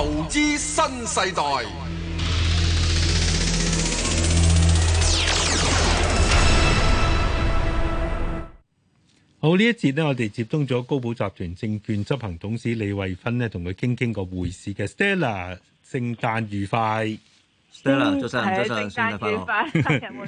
投資新世代，好呢一節咧，我哋接通咗高寶集團證券執行董事李慧芬咧，同佢傾傾個回事嘅。Stella，聖誕愉快，Stella，早晨，早晨，聖誕快樂，新年冇，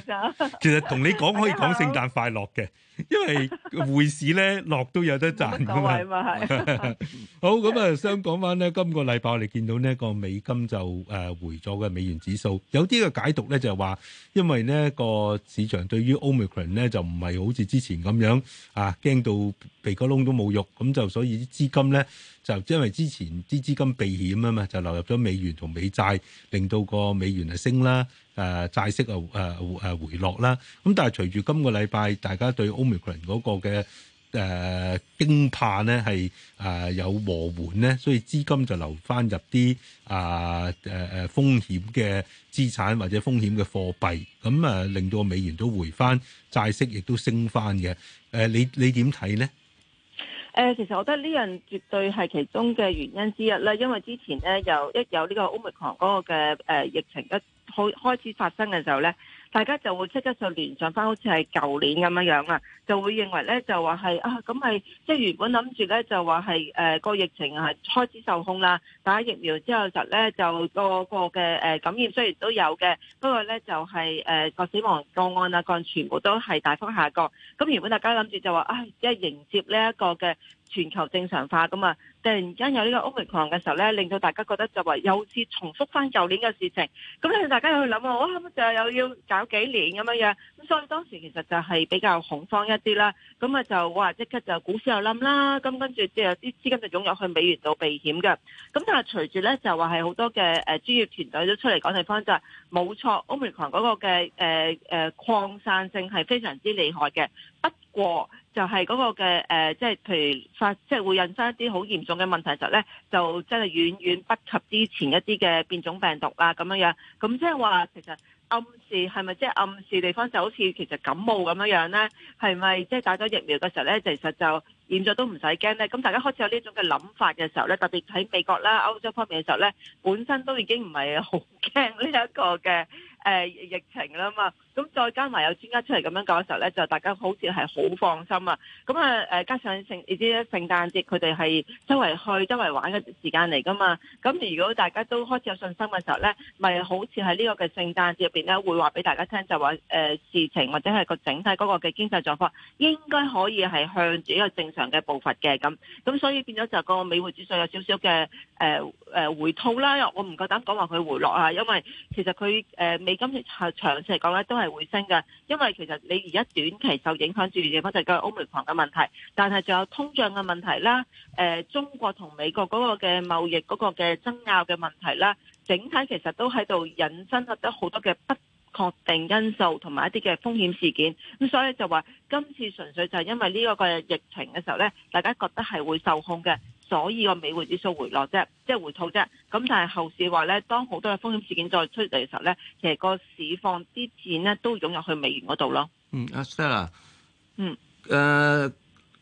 其實同你講可以講聖誕快樂嘅。 因為匯市咧落都有得賺噶嘛， 好，咁啊，想講翻咧，今個禮拜我哋見到呢個美金就誒回咗嘅美元指數，有啲嘅解讀咧就係話，因為呢個市場對於 Omicron 咧就唔係好似之前咁樣啊，驚到鼻哥窿都冇肉，咁就所以啲資金咧就因為之前啲資金避險啊嘛，就流入咗美元同美債，令到個美元係升啦。誒、啊、債息啊誒誒回、啊、回落啦，咁但係隨住今個禮拜大家對 Omicron 嗰個嘅誒、啊、驚怕咧係誒有和緩咧，所以資金就流翻入啲啊誒誒、啊、風險嘅資產或者風險嘅貨幣，咁啊令到美元都回翻，債息亦都升翻嘅。誒、啊、你你點睇咧？誒，其實我覺得呢樣絕對係其中嘅原因之一咧，因為之前呢，有一有呢個 Omicron 嗰個嘅誒、呃、疫情一開開始發生嘅時候呢。大家就會即刻就聯想翻好似係舊年咁樣樣啊，就會認為咧就話係啊咁係即係原本諗住咧就話係誒個疫情係開始受控啦，打疫苗之後就咧就個個嘅誒感染雖然都有嘅，不過咧就係誒個死亡個案啊個案全部都係大幅下降，咁原本大家諗住就話啊一迎接呢一個嘅全球正常化咁啊。突然間有呢個 Omicron 嘅時候咧，令到大家覺得就話有似重複翻舊年嘅事情，咁咧大家又去諗我後就又要搞幾年咁樣樣，咁所以當時其實就係比較恐慌一啲啦，咁啊就話即刻就股市又冧啦，咁跟住就有啲資金就湧入去美元度避險嘅，咁但係隨住咧就話係好多嘅誒專業團隊都出嚟講地方就係、是、冇錯 Omicron 嗰個嘅誒誒擴散性係非常之厲害嘅，不過。就係嗰個嘅誒，即、呃、係、就是、譬如發，即、就、係、是、會引生一啲好嚴重嘅問題時候咧，就真係遠遠不及之前一啲嘅變種病毒啦、啊、咁樣樣。咁即係話其實暗示係咪即係暗示地方就好似其實感冒咁樣樣咧，係咪即係打咗疫苗嘅時候咧，其實就，現在都唔使驚咧，咁大家開始有呢種嘅諗法嘅時候咧，特別喺美國啦、歐洲方面嘅時候咧，本身都已經唔係好驚呢一個嘅誒、呃、疫情啦嘛。咁再加埋有專家出嚟咁樣講嘅時候咧，就大家好似係好放心啊。咁啊誒，加上聖呢啲聖誕節佢哋係周圍去周圍玩嘅時間嚟噶嘛。咁如果大家都開始有信心嘅時候咧，咪好似喺呢個嘅聖誕節入邊咧，會話俾大家聽就話誒、呃、事情或者係個整體嗰個嘅經濟狀況應該可以係向住一個正常。嘅步伐嘅咁，咁所以變咗就個美匯指數有少少嘅誒誒回吐啦。我唔夠膽講話佢回落啊，因為其實佢誒、呃、美金長長期嚟講咧都係回升嘅。因為其實你而家短期受影響住嘅地方就係歐美房嘅問題，但係仲有通脹嘅問題啦。誒、呃，中國同美國嗰個嘅貿易嗰個嘅爭拗嘅問題啦，整體其實都喺度引申得好多嘅不。確定因素同埋一啲嘅風險事件，咁所以就話今次純粹就係因為呢一個疫情嘅時候呢，大家覺得係會受控嘅，所以個美匯指數回落啫，即係回吐啫。咁但係後市話呢，當好多嘅風險事件再出嚟嘅時候呢，其實個市況啲錢呢都湧入去美元嗰度咯。嗯，阿 Sir 啊，嗯，誒，uh,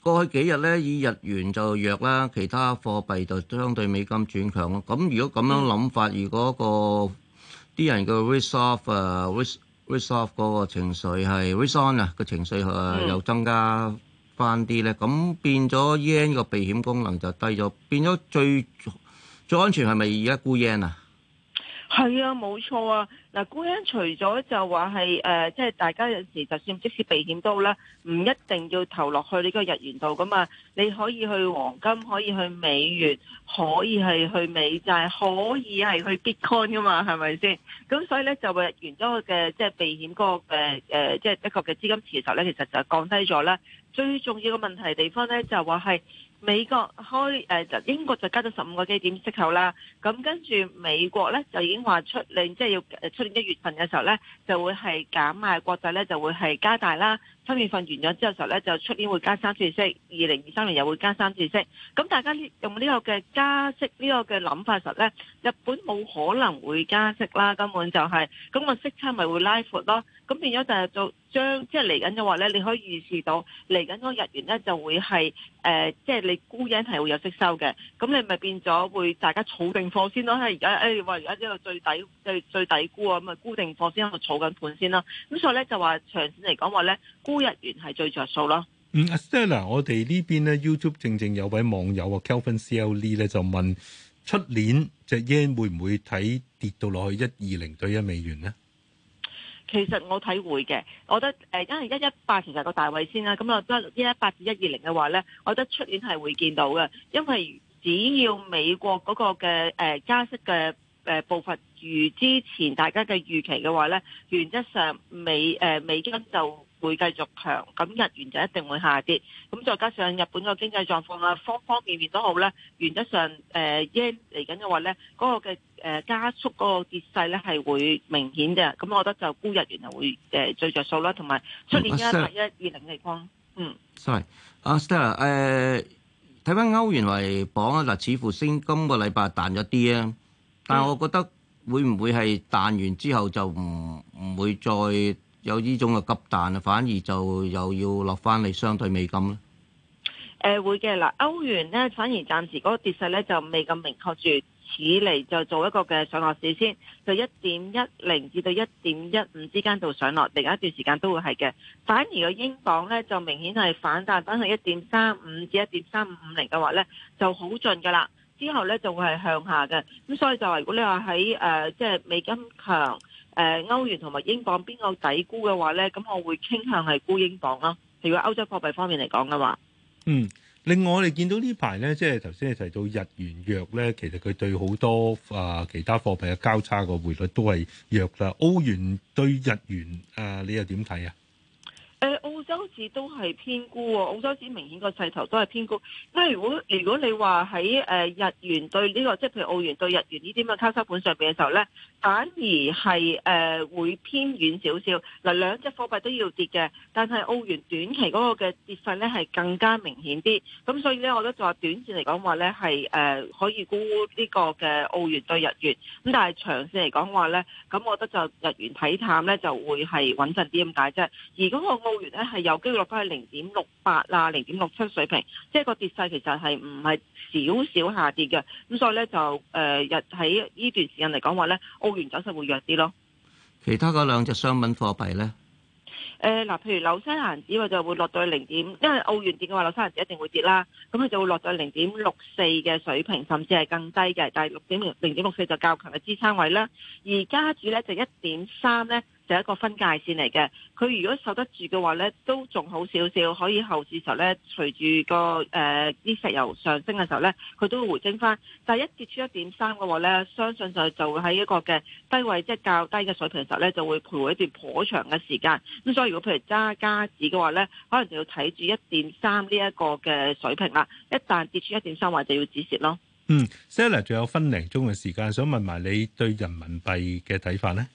過去幾日呢，以日元就弱啦，其他貨幣就相對美金轉強咯。咁如果咁樣諗法，嗯、如果、個啲人嘅 risk off 啊、uh,，risk risk off 嗰個情緒係 risk on 啊，個情緒誒、uh, 嗯、又增加翻啲咧，咁變咗 yen 個避險功能就低咗，變咗最最安全係咪而家沽 yen 啊？係啊，冇錯啊！嗱、啊，孤香除咗就話係誒，即、呃、係、即係、大家有時就算即使避險都好啦，唔一定要投落去呢個日元度噶嘛，你可以去黃金，可以去美元，可以係去美債，可以係去 Bitcoin 噶嘛，係咪先？咁所以咧就日元嗰個嘅即係避險、個誒誒，即係一個嘅資金持續咧，其實就係降低咗啦。最重要嘅問題地方咧就話係。美國開誒就英國就加咗十五個基點息口啦，咁跟住美國咧就已經話出令，即係要出年一月份嘅時候咧就會係減買國債咧就會係加大啦，三月份完咗之後嘅時候咧就出年會加三次息，二零二三年又會加三次息。咁大家用呢個嘅加息、這個、呢個嘅諗法實咧，日本冇可能會加息啦，根本就係咁個息差咪會拉闊咯，咁變咗就係做。將即係嚟緊嘅話咧，你可以預示到嚟緊嗰日元咧就會係誒、呃，即係你沽 yen 係會有息收嘅。咁你咪變咗會大家儲定貨先咯。係而家誒話而家呢個最底最最底沽啊，咁咪沽定貨先喺度儲緊盤先啦。咁所以咧就話長線嚟講話咧沽日元係最着數咯。嗯，Stella，我哋呢邊咧 YouTube 正正有位網友啊 Kelvin C L V 咧就問：出年即 yen 會唔會睇跌到落去一二零對一美元咧？其實我體會嘅，我覺得誒，因為一一八其實個大位先啦，咁啊得一一八至一二零嘅話呢，我覺得出年係會見到嘅，因為只要美國嗰個嘅誒加息嘅誒步伐如之前大家嘅預期嘅話呢，原則上美誒美金就。會繼續強，咁日元就一定會下跌。咁再加上日本個經濟狀況啊，方方面面都好咧，原則上，誒，yen 嚟緊嘅話咧，嗰個嘅誒加速嗰個跌勢咧係會明顯嘅。咁我覺得就沽日元係會誒最着數啦。同埋出年一八一二零利空。嗯，Sorry，阿 Stella，誒，睇返歐元為榜啊，嗱，似乎升今個禮拜彈咗啲啊，但係我覺得會唔會係彈完之後就唔唔會再？有呢種嘅急彈啊，反而就又要落翻嚟相對美金咧。誒、呃、會嘅嗱，歐元咧反而暫時嗰個跌勢咧就未咁明確住，此嚟就做一個嘅上落市先，就一點一零至到一點一五之間度上落，另一段時間都會係嘅。反而個英鎊咧就明顯係反彈，翻去一點三五至一點三五五零嘅話咧就好盡噶啦。之後咧就會係向下嘅，咁所以就如果你話喺誒即係美金強。誒歐元同埋英鎊邊個抵沽嘅話咧，咁我會傾向係沽英鎊咯。譬如話歐洲貨幣方面嚟講嘅話，嗯，另外我哋見到呢排咧，即係頭先係提到日元弱咧，其實佢對好多啊、呃、其他貨幣嘅交叉個匯率都係弱啦。歐元對日元啊、呃，你又點睇啊？周市都係偏沽，澳洲市明顯個勢頭都係偏沽。咁如果如果你話喺誒日元對呢個，即係譬如澳元對日元呢啲咁嘅交叉盤上邊嘅時候咧，反而係誒、呃、會偏遠少少。嗱，兩隻貨幣都要跌嘅，但係澳元短期嗰個嘅跌勢咧係更加明顯啲。咁所以咧，我覺得就話短線嚟講話咧係誒可以沽呢個嘅澳元對日元。咁但係長線嚟講話咧，咁我覺得就日元睇淡咧就會係穩陣啲咁解啫。而嗰個澳元咧係。有機會落翻去零點六八啊，零點六七水平，即係個跌勢其實係唔係少少下跌嘅，咁所以咧就誒日喺呢段時間嚟講話咧，澳元走勢會弱啲咯。其他嗰兩隻商品貨幣咧，誒嗱，譬如紐西蘭紙就會落到零點，因為澳元跌嘅話，紐西蘭紙一定會跌啦，咁佢就會落到零點六四嘅水平，甚至係更低嘅，但係六點零點六四就較強嘅支撐位啦。而加紙咧就一點三咧。有一個分界線嚟嘅，佢如果受得住嘅話咧，都仲好少少，可以後市時候咧，隨住個誒啲石油上升嘅時候咧，佢都會回升翻。但係一跌出一點三嘅話咧，相信就就會喺一個嘅低位，即係較低嘅水平嘅時候咧，就會徘徊一段頗長嘅時間。咁所以如果譬如揸加紙嘅話咧，可能就要睇住一點三呢一個嘅水平啦。一旦跌出一點三位，就要止蝕咯。嗯，Sally，仲有分零鐘嘅時間，想問埋你對人民幣嘅睇法咧？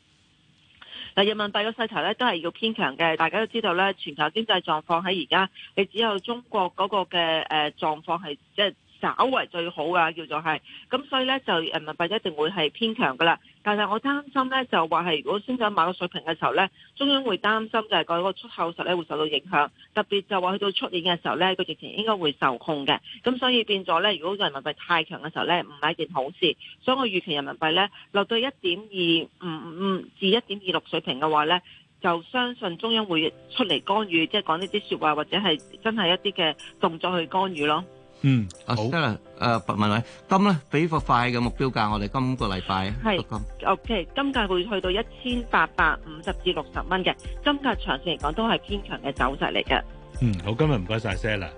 但人民幣個勢頭咧，都係要偏強嘅。大家都知道咧，全球經濟狀況喺而家，你只有中國嗰個嘅誒狀況係即係稍為最好㗎，叫做係。咁所以咧，就人民幣一定會係偏強㗎啦。但係我擔心咧，就話係如果升到某個水平嘅時候咧，中央會擔心就係嗰個出口實咧會受到影響，特別就話去到出年嘅時候咧，個疫情應該會受控嘅，咁所以變咗咧，如果人民幣太強嘅時候咧，唔係一件好事。所以我預期人民幣咧落到一點二五五至一點二六水平嘅話咧，就相信中央會出嚟干預，即係講呢啲説話，或者係真係一啲嘅動作去干預咯。嗯，好得啦，誒，問下金咧，俾個快嘅目標價，我哋今個禮拜係，OK，金價會去到一千八百五十至六十蚊嘅，金價長線嚟講都係堅強嘅走勢嚟嘅。嗯，好，今日唔該晒 Sir 啦，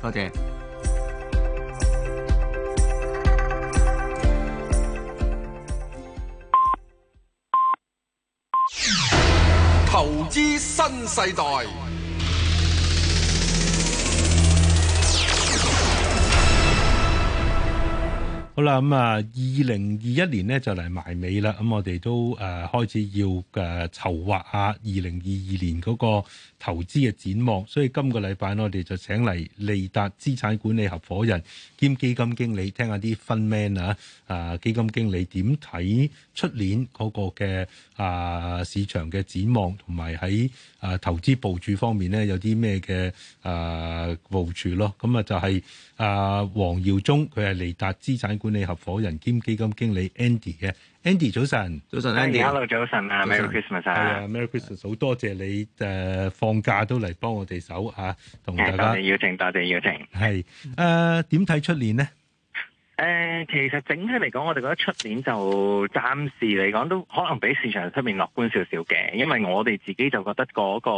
多謝。投資新世代。好啦，咁、嗯、啊，二零二一年呢就嚟埋尾啦，咁、嗯、我哋都誒、呃、開始要誒籌劃啊，二零二二年嗰個投資嘅展望，所以今個禮拜我哋就請嚟利達資產管理合伙人兼基金經理，聽下啲 fundman 啊，啊基金經理點睇出年嗰個嘅啊市場嘅展望，同埋喺啊投資部署方面咧有啲咩嘅誒部署咯，咁啊就係、是、啊黃耀宗，佢係利達資產。管理合伙人兼基金經理 Andy 嘅 Andy 早晨，早晨 Andy，hello 早晨啊，Merry Christmas 啊，Merry Christmas，好多謝你誒放假都嚟幫我哋手吓，同大家邀請，多謝邀請，係誒點睇出年呢？誒，其實整體嚟講，我哋覺得出年就暫時嚟講都可能比市場出面樂觀少少嘅，因為我哋自己就覺得嗰個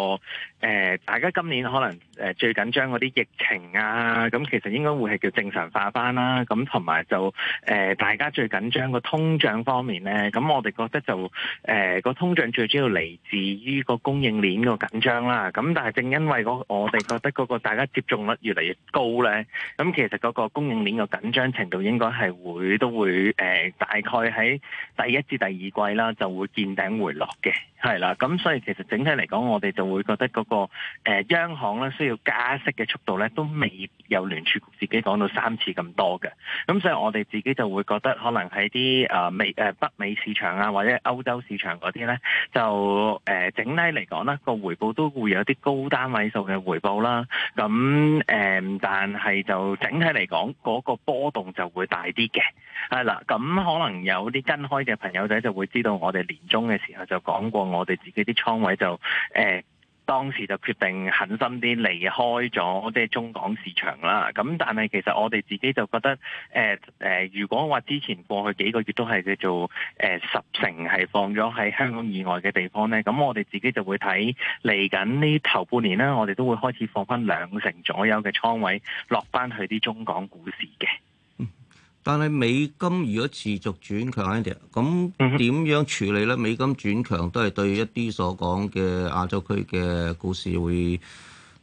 誒，大家今年可能。誒最緊張嗰啲疫情啊，咁其實應該會係叫正常化返啦。咁同埋就誒、呃、大家最緊張個通脹方面咧，咁我哋覺得就誒個、呃、通脹最主要嚟自於個供應鏈個緊張啦。咁但係正因為我哋覺得嗰個大家接種率越嚟越高咧，咁其實嗰個供應鏈個緊張程度應該係會都會誒、呃、大概喺第一至第二季啦就會見頂回落嘅，係啦。咁所以其實整體嚟講，我哋就會覺得嗰、那個、呃、央行咧要加息嘅速度咧，都未有聯儲局自己講到三次咁多嘅。咁所以我哋自己就會覺得，可能喺啲誒美誒、呃、北美市場啊，或者歐洲市場嗰啲咧，就誒、呃、整體嚟講啦，個回報都會有啲高單位數嘅回報啦。咁誒、呃，但係就整體嚟講嗰個波動就會大啲嘅。係啦，咁可能有啲跟開嘅朋友仔就會知道，我哋年終嘅時候就講過，我哋自己啲倉位就誒。呃當時就決定狠心啲離開咗，即係中港市場啦。咁但係其實我哋自己就覺得，誒、呃、誒、呃，如果話之前過去幾個月都係叫做誒十成係放咗喺香港以外嘅地方咧，咁我哋自己就會睇嚟緊呢頭半年咧，我哋都會開始放翻兩成左右嘅倉位落翻去啲中港股市嘅。但係美金如果持續轉強呢啲，咁點樣處理呢？美金轉強都係對一啲所講嘅亞洲區嘅股市會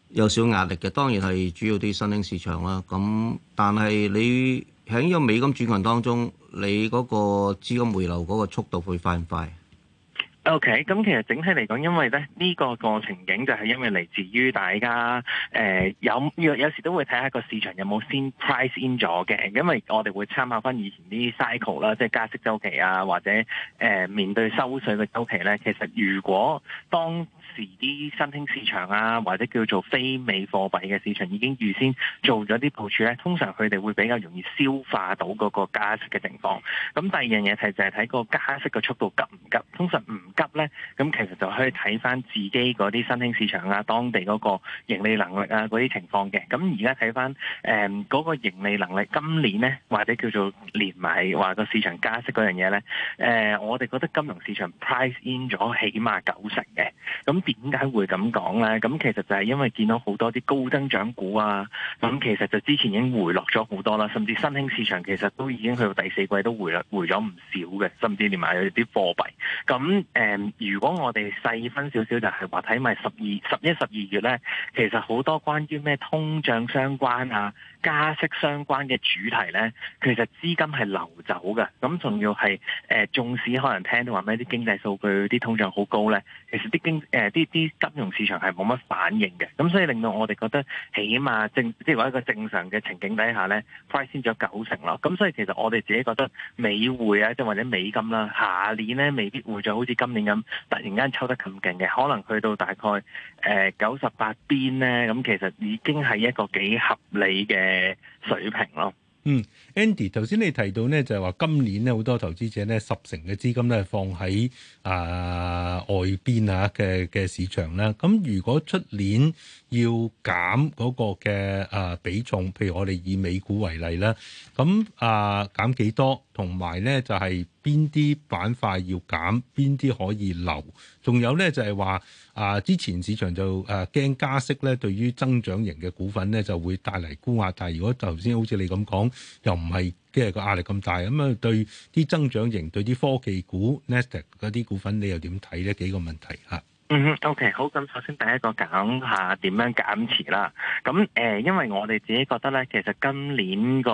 有少壓力嘅。當然係主要啲新興市場啦。咁但係你喺呢個美金轉強當中，你嗰個資金回流嗰個速度會快唔快？O.K. 咁、嗯、其實整體嚟講，因為咧呢、這個個情景就係因為嚟自於大家誒、呃、有有、有時都會睇下個市場有冇先 price in 咗嘅，因為我哋會參考翻以前啲 cycle 啦，即係加息周期啊，或者誒、呃、面對收稅嘅周期咧，其實如果當啲新興市場啊，或者叫做非美貨幣嘅市場已經預先做咗啲部署呢。通常佢哋會比較容易消化到嗰個加息嘅情況。咁第二樣嘢係就係睇個加息嘅速度急唔急。通常唔急呢，咁其實就可以睇翻自己嗰啲新興市場啊、當地嗰個盈利能力啊嗰啲情況嘅。咁而家睇翻誒嗰個盈利能力，今年呢，或者叫做連埋話個市場加息嗰樣嘢呢，誒、呃、我哋覺得金融市場 price in 咗起碼九成嘅，咁、嗯。點解會咁講呢？咁其實就係因為見到好多啲高增長股啊，咁其實就之前已經回落咗好多啦，甚至新興市場其實都已經去到第四季都回回咗唔少嘅，甚至連埋有啲貨幣。咁誒、呃，如果我哋細分少少，就係話睇埋十二、十一、十二月呢，其實好多關於咩通脹相關啊、加息相關嘅主題呢，其實資金係流走嘅。咁仲要係誒，縱、呃、使可能聽到話咩啲經濟數據啲通脹好高呢，其實啲經誒。呃啲啲金融市場係冇乜反應嘅，咁所以令到我哋覺得起碼，起碼正即係話一個正常嘅情景底下呢，Price 先咗九成咯。咁所以其實我哋自己覺得美匯啊，即係或者美金啦，下年呢未必會再好似今年咁突然間抽得咁勁嘅，可能去到大概誒九十八邊呢，咁其實已經係一個幾合理嘅水平咯。嗯，Andy，頭先你提到咧就係話今年咧好多投資者咧十成嘅資金咧放喺啊、呃、外邊啊嘅嘅市場啦，咁如果出年要減嗰個嘅啊、呃、比重，譬如我哋以美股為例啦，咁啊、呃、減幾多，同埋咧就係邊啲板塊要減，邊啲可以留？仲有咧就係話啊，之前市場就誒驚加息咧，對於增長型嘅股份咧就會帶嚟沽壓。但係如果頭先好似你咁講，又唔係即係個壓力咁大，咁啊對啲增長型、對啲科技股、Nasdaq 嗰啲股份，你又點睇呢？幾個問題嚇。嗯，OK，好。咁首先第一個講下點樣減持啦。咁誒、呃，因為我哋自己覺得咧，其實今年個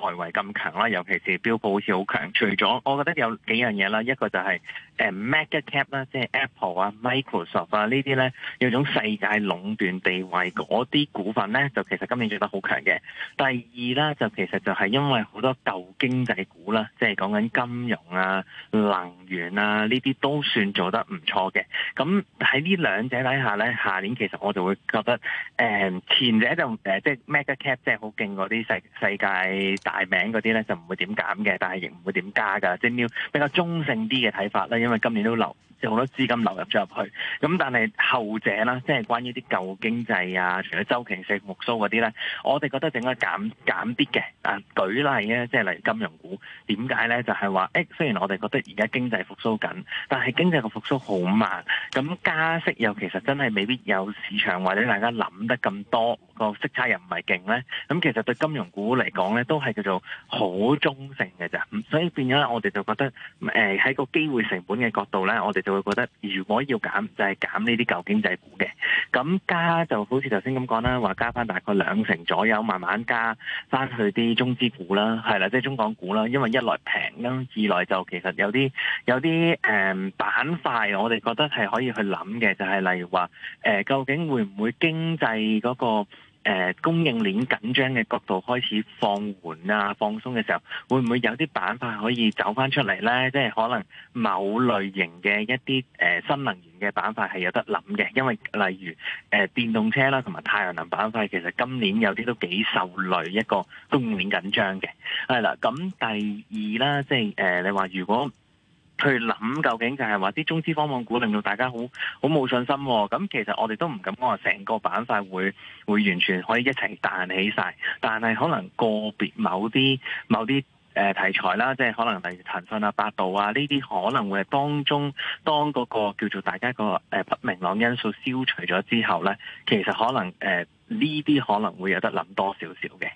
外圍咁強啦，尤其是標普好似好強。除咗我覺得有幾樣嘢啦，一個就係、是。誒、嗯、mega cap 啦，即係 Apple 啊、Microsoft 啊呢啲咧，有種世界壟斷地位嗰啲股份咧，就其實今年做得好強嘅。第二啦，就其實就係因為好多舊經濟股啦，即係講緊金融啊、能源啊呢啲都算做得唔錯嘅。咁喺呢兩者底下咧，下年其實我就會覺得誒、嗯、前者就誒、嗯、即係 mega cap 即係好勁嗰啲世世界大名嗰啲咧，就唔會點減嘅，但係亦唔會點加㗎。即係要比較中性啲嘅睇法啦。咁啊！今年都流有好多資金流入咗入去，咁但係後者啦，即係關於啲舊經濟啊，除咗周期性復甦嗰啲咧，我哋覺得應該減減啲嘅。啊，舉例咧，即係例如金融股，點解咧？就係話誒，雖然我哋覺得而家經濟復甦緊，但係經濟嘅復甦好慢，咁加息又其實真係未必有市場或者大家諗得咁多個息差又唔係勁咧，咁其實對金融股嚟講咧，都係叫做好中性嘅咋。所以變咗我哋就覺得誒，喺、呃、個機會成本本嘅角度呢，我哋就會覺得如果要減，就係減呢啲舊經濟股嘅。咁加就好似頭先咁講啦，話加翻大概兩成左右，慢慢加翻去啲中資股啦，係啦，即係中港股啦。因為一來平啦，二來就其實有啲有啲誒板塊，我哋覺得係可以去諗嘅，就係例如話誒，究竟會唔會經濟嗰個？誒、呃、供應鏈緊張嘅角度開始放緩啊，放鬆嘅時候，會唔會有啲板塊可以走翻出嚟呢？即係可能某類型嘅一啲誒、呃、新能源嘅板塊係有得諗嘅，因為例如誒、呃、電動車啦，同埋太陽能板塊，其實今年有啲都幾受累一個供應鏈緊張嘅。係啦，咁第二啦，即係誒、呃、你話如果。去諗究竟就係話啲中資方網股令到大家好好冇信心，哦，咁其實我哋都唔敢講話成個板塊會會完全可以一齊彈起晒。但係可能個別某啲某啲誒、呃、題材啦，即係可能例如騰訊啊、百度啊呢啲，可能會係當中當嗰、那個叫做大家個誒、呃、不明朗因素消除咗之後咧，其實可能誒呢啲可能會有得諗多少少嘅。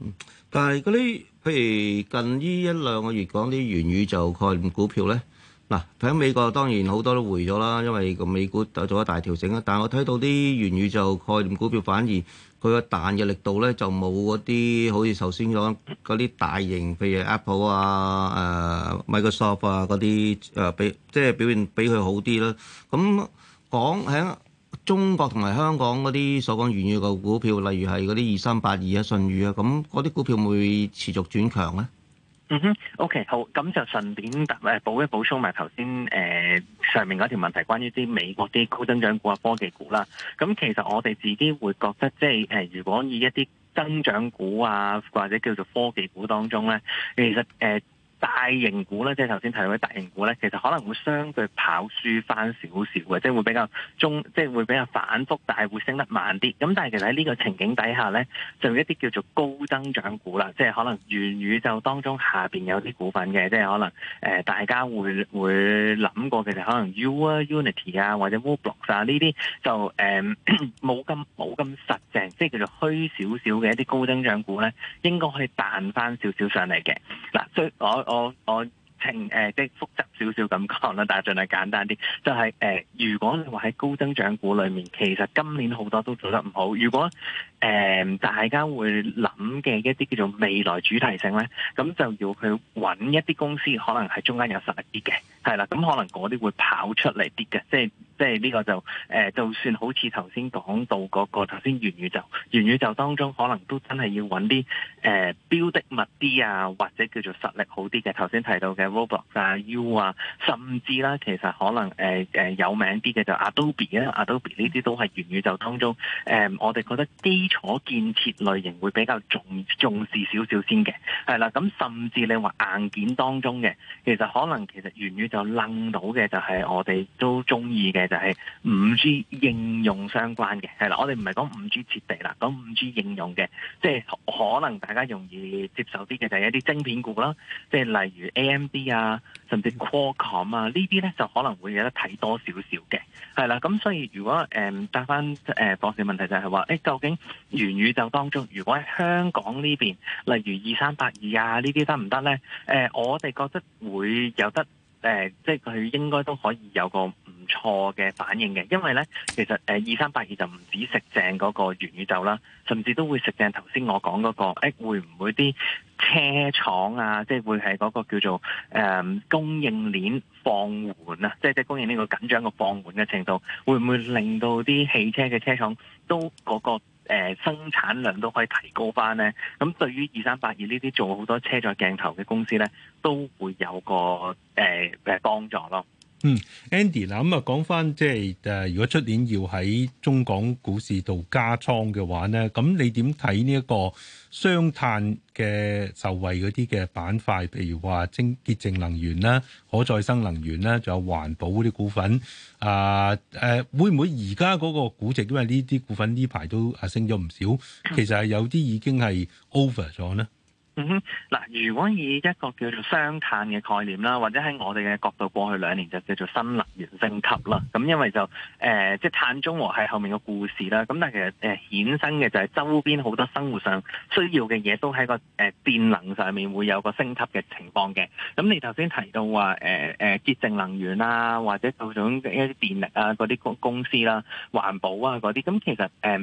嗯，但係嗰啲譬如近呢一兩個月講啲元宇宙概念股票咧，嗱、啊、喺美國當然好多都回咗啦，因為個美股又做咗大調整啦。但我睇到啲元宇宙概念股票，反而佢個彈嘅力度咧，就冇嗰啲好似頭先講嗰啲大型，譬如 Apple 啊、誒、啊、Microsoft 啊嗰啲誒，比即係表現比佢好啲啦。咁講喺。中國同埋香港嗰啲所講遠遠嘅股票，例如係嗰啲二三八二啊、舜宇啊，咁嗰啲股票會,會持續轉強咧？嗯哼，OK，好，咁就順便誒補一補充埋頭先誒上面嗰條問題，關於啲美國啲高增長股啊、科技股啦。咁其實我哋自己會覺得，即係誒、呃，如果以一啲增長股啊，或者叫做科技股當中咧，其實誒。呃大型股咧，即係頭先提到嘅大型股咧，其實可能會相對跑輸翻少少嘅，即係會比較中，即係會比較反覆，但係會升得慢啲。咁但係其實喺呢個情景底下咧，就有一啲叫做高增長股啦，即係可能元宇宙當中下邊有啲股份嘅，即係可能誒、呃、大家會會諗過，其實可能 u r Unity 啊或者 Roblox 啊呢啲就誒冇咁冇咁實淨，即係叫做虛少少嘅一啲高增長股咧，應該可以彈翻少少上嚟嘅。嗱，所以我。我我情誒、呃、即係複雜少少咁講啦，但係盡量簡單啲，就係、是、誒、呃，如果你話喺高增長股裡面，其實今年好多都做得唔好。如果誒、呃、大家會諗嘅一啲叫做未來主題性咧，咁就要去揾一啲公司，可能喺中間有實力啲嘅，係啦，咁可能嗰啲會跑出嚟啲嘅，即係。即係呢個就誒、呃，就算好似頭先講到嗰、那個頭先元宇宙，元宇宙當中可能都真係要揾啲誒標的物啲啊，或者叫做實力好啲嘅頭先提到嘅 Roblox 啊、U 啊，甚至啦，其實可能誒誒、呃呃、有名啲嘅就啊、嗯、Adobe 啊，Adobe 呢啲都係元宇宙當中誒、呃，我哋覺得基礎建設類型會比較重重視少少先嘅。係啦，咁甚至你話硬件當中嘅，其實可能其實元宇宙掕到嘅就係我哋都中意嘅。就係五 G 應用相關嘅，係啦，我哋唔係講五 G 設備啦，講五 G 應用嘅，即係可能大家容易接受啲嘅就係、是、一啲晶片股啦，即係例如 AMD 啊，甚至 Qualcomm 啊呢啲咧就可能會有得睇多少少嘅，係啦，咁所以如果誒答返誒博士問題就係、是、話，誒究竟元宇宙當中，如果喺香港呢邊，例如二三八二啊行行呢啲得唔得咧？誒、呃，我哋覺得會有得誒、呃，即係佢應該都可以有個唔錯嘅反應嘅，因為呢，其實誒、呃、二三八二就唔止食正嗰個元宇宙啦，甚至都會食正頭先我講嗰、那個誒，會唔會啲車廠啊，即係會係嗰個叫做誒、呃、供應鏈放緩啊，即係即係供應呢個緊張個放緩嘅程度，會唔會令到啲汽車嘅車廠都嗰、那個、呃、生產量都可以提高翻呢？咁對於二三八二呢啲做好多車載鏡頭嘅公司呢，都會有個誒誒幫助咯。嗯，Andy 嗱，咁啊，講翻即係誒、呃，如果出年要喺中港股市度加倉嘅話咧，咁你點睇呢一個雙碳嘅受惠嗰啲嘅板塊，譬如話清潔淨能源啦、可再生能源啦，仲有環保嗰啲股份啊？誒、呃呃，會唔會而家嗰個估值因為呢啲股份呢排都啊升咗唔少，其實係有啲已經係 over 咗咧？嗯哼，嗱，如果以一個叫做雙碳嘅概念啦，或者喺我哋嘅角度，過去兩年就叫做新能源升級啦。咁因為就誒、呃，即係碳中和係後面嘅故事啦。咁但係其實誒衍生嘅就係周邊好多生活上需要嘅嘢，都喺個誒電能上面會有個升級嘅情況嘅。咁你頭先提到話誒誒潔淨能源啦，或者到種一啲電力啊嗰啲公公司啦、啊，環保啊嗰啲，咁其實誒誒、呃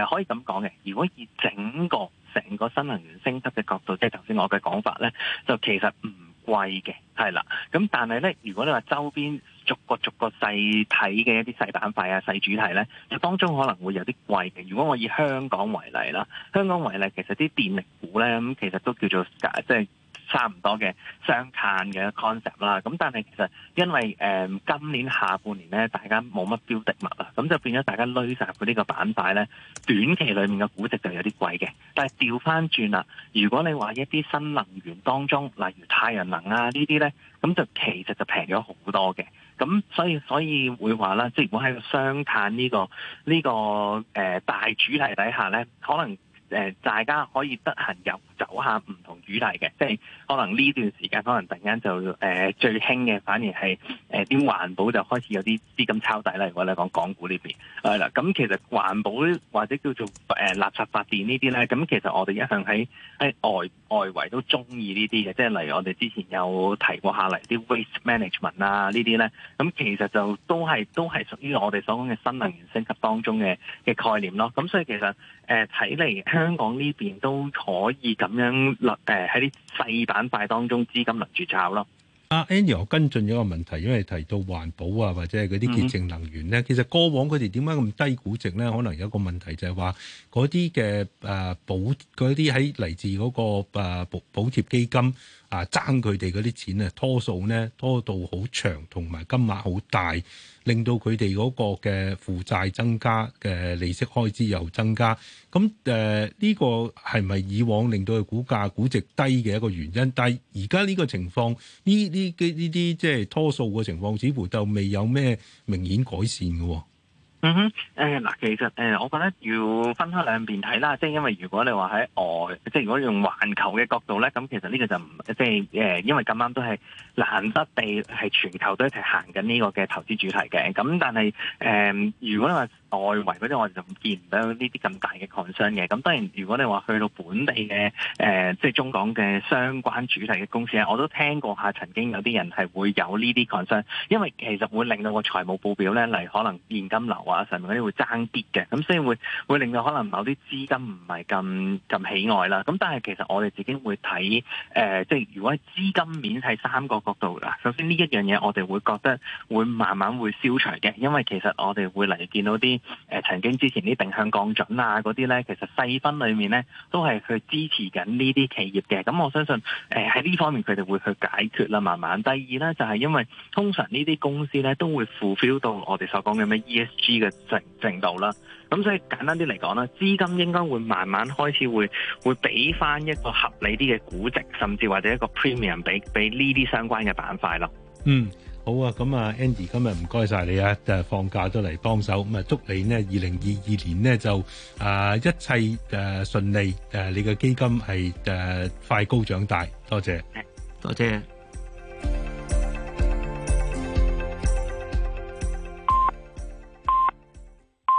呃、可以咁講嘅。如果以整個成個新能源升級嘅角度，即係頭先我嘅講法呢，就其實唔貴嘅，係啦。咁但係呢，如果你話周邊逐個逐個細睇嘅一啲細板塊啊、細主題呢，就當中可能會有啲貴嘅。如果我以香港為例啦，香港為例，其實啲電力股呢，咁其實都叫做即係，差唔多嘅雙碳嘅 concept 啦，咁但係其實因為誒、呃、今年下半年咧，大家冇乜標的物啊，咁就變咗大家累集佢呢個板塊咧，短期裡面嘅估值就有啲貴嘅。但係調翻轉啦，如果你話一啲新能源當中，例如太陽能啊呢啲咧，咁就其實就平咗好多嘅。咁所以所以會話啦，即係如果喺雙碳呢、呢個呢、呢個誒、呃、大主題底下咧，可能誒、呃、大家可以得閒入。走下唔同主題嘅，即係可能呢段時間可能突然間就誒最興嘅，反而係誒啲環保就開始有啲資金抄底啦。如果你講港股呢邊係啦，咁其實環保或者叫做誒垃圾發電呢啲咧，咁其實我哋一向喺喺外外圍都中意呢啲嘅，即係例如我哋之前有提過下嚟啲 waste management 啊呢啲咧，咁其實就都係都係屬於我哋所講嘅新能源升級當中嘅嘅概念咯。咁所以其實誒睇嚟香港呢邊都可以咁。咁樣輪誒喺啲細板塊當中資金輪住炒咯。阿、啊、Anya 跟進咗個問題，因為提到環保啊或者係嗰啲潔淨能源咧，其實過往佢哋點解咁低估值咧？可能有一個問題就係話嗰啲嘅誒補啲喺嚟自嗰、那個誒補補貼基金。啊！爭佢哋嗰啲錢啊，拖數咧拖到好長，同埋金額好大，令到佢哋嗰個嘅負債增加，嘅利息開支又增加。咁誒呢個係咪以往令到佢股價估值低嘅一個原因？但係而家呢個情況，呢呢呢啲即係拖數嘅情況，似乎就未有咩明顯改善嘅，哦。嗯哼，誒、呃、嗱，其實誒、呃，我覺得要分開兩邊睇啦，即係因為如果你話喺外，即係如果用環球嘅角度咧，咁其實呢個就唔，即係誒、呃，因為咁啱都係難得地係全球都一齊行緊呢個嘅投資主題嘅，咁但係誒、呃，如果你話，外圍嗰啲我哋就見唔到呢啲咁大嘅 concern 嘅，咁當然如果你話去到本地嘅誒、呃，即係中港嘅相關主題嘅公司咧，我都聽過下，曾經有啲人係會有呢啲 concern，因為其實會令到個財務報表咧，例如可能現金流啊上面嗰啲會爭啲嘅，咁所以會會令到可能某啲資金唔係咁咁喜愛啦。咁但係其實我哋自己會睇誒、呃，即係如果係資金面係三個角度啦，首先呢一樣嘢我哋會覺得會慢慢會消除嘅，因為其實我哋會嚟見到啲。誒、呃，曾經之前啲定向降準啊，嗰啲咧，其實細分裏面咧，都係去支持緊呢啲企業嘅。咁我相信，誒喺呢方面佢哋會去解決啦，慢慢。第二咧，就係、是、因為通常呢啲公司咧，都會 fulfill 到我哋所講嘅咩 ESG 嘅程度啦。咁所以簡單啲嚟講啦，資金應該會慢慢開始會會俾翻一個合理啲嘅估值，甚至或者一個 premium 俾俾呢啲相關嘅板塊咯。嗯。好啊，咁啊，Andy 今日唔該晒你啊，誒放假都嚟幫手，咁啊祝你呢二零二二年呢就啊一切誒順利誒，你嘅基金係誒快高長大，多謝，多謝。